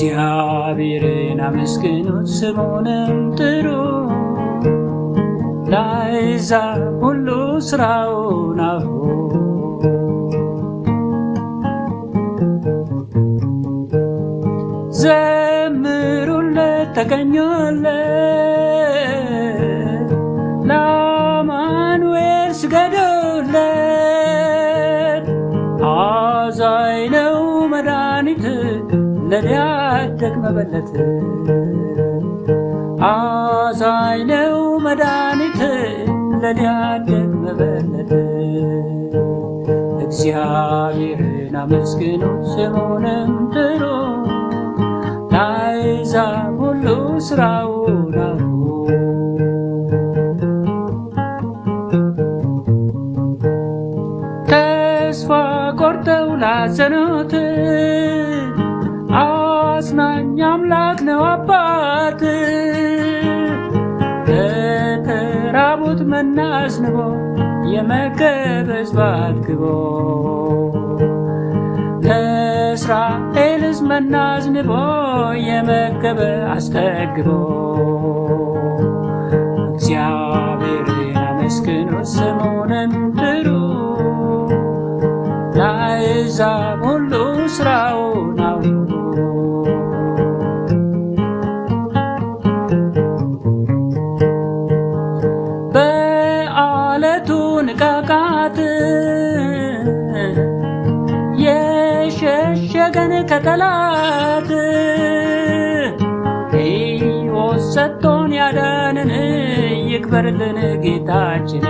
እግዚአብሔርን አመስግኑት ስሙንም ጥሩ፣ ለአሕዛብ ሁሉ ሥራውን አውሩ። ዘምሩለት፣ ተቀኙለት፣ ለአማኑኤል ስገዱ። ለሊያደግ መበለት አዛኝነው መድኃኒት ለሊያደግ መበለት እግዚአብሔርን አመስግኑ ስሙንም ጥሩ ለአሕዛብ ሁሉ ሥራውን ተስፋ ቆርጠው ላዘኑት አጽናኝ አምላክ ነው አባት ለተራቡት መና አስንቦ የመገበ ሕዝብ አጥግቦ ለእስራኤል መና አስንቦ የመገበ አስጠግቦ እግዚአብሔርን አመስግኑ ስሙንም ጥሩ ለአሕዛብ ሁሉ ሥራው ማብቃት የሸሸገን ከጠላት ሕይወት ሰጥቶን ያዳንን ይክበርልን ጌታችን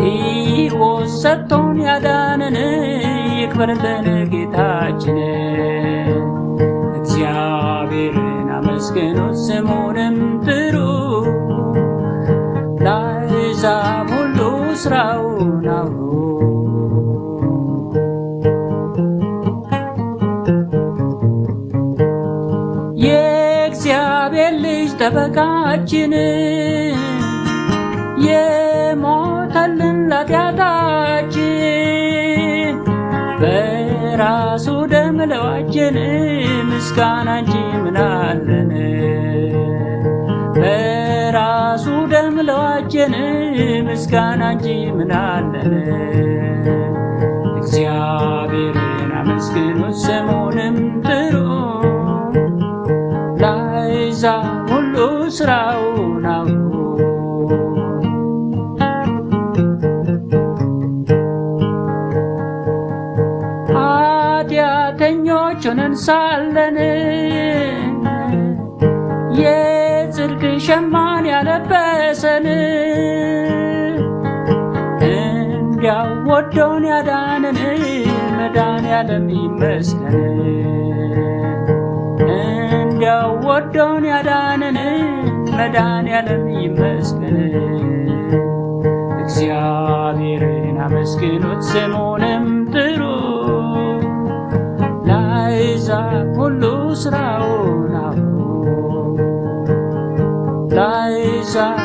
ሕይወት ሰጥቶን ያዳንን ይክበርልን ጌታችን እግዚአብሔርን አመስግኑት ስሙንም ጥሩ ላሕዛብ ስራውን አብሮ የእግዚአብሔር ልጅ ጠበቃችን የሞተልን ለኃጢአታችን በራሱ ደም ለዋጀን ምስጋና እንጂ ምናለን በራሱ ደም ለዋጀን ምስጋና እንጂ ምናለን። እግዚአብሔርን አመስግኑ ስሙንም ጥሩ፣ ላይዛ ሁሉ ስራው አውሩ። ኃጢአተኞች ሆነን ሳለን ሸማን ያለበሰን እንዲያው ወዶን ያዳነን መዳን ያለም ይመስገን እንዲያው ወዶን ያዳነን መዳን ያለም ይመስገን እግዚአብሔርን አመስግኑት ስሙንም ጥሩ ላይዛ ሁሉ ሥራው beijar.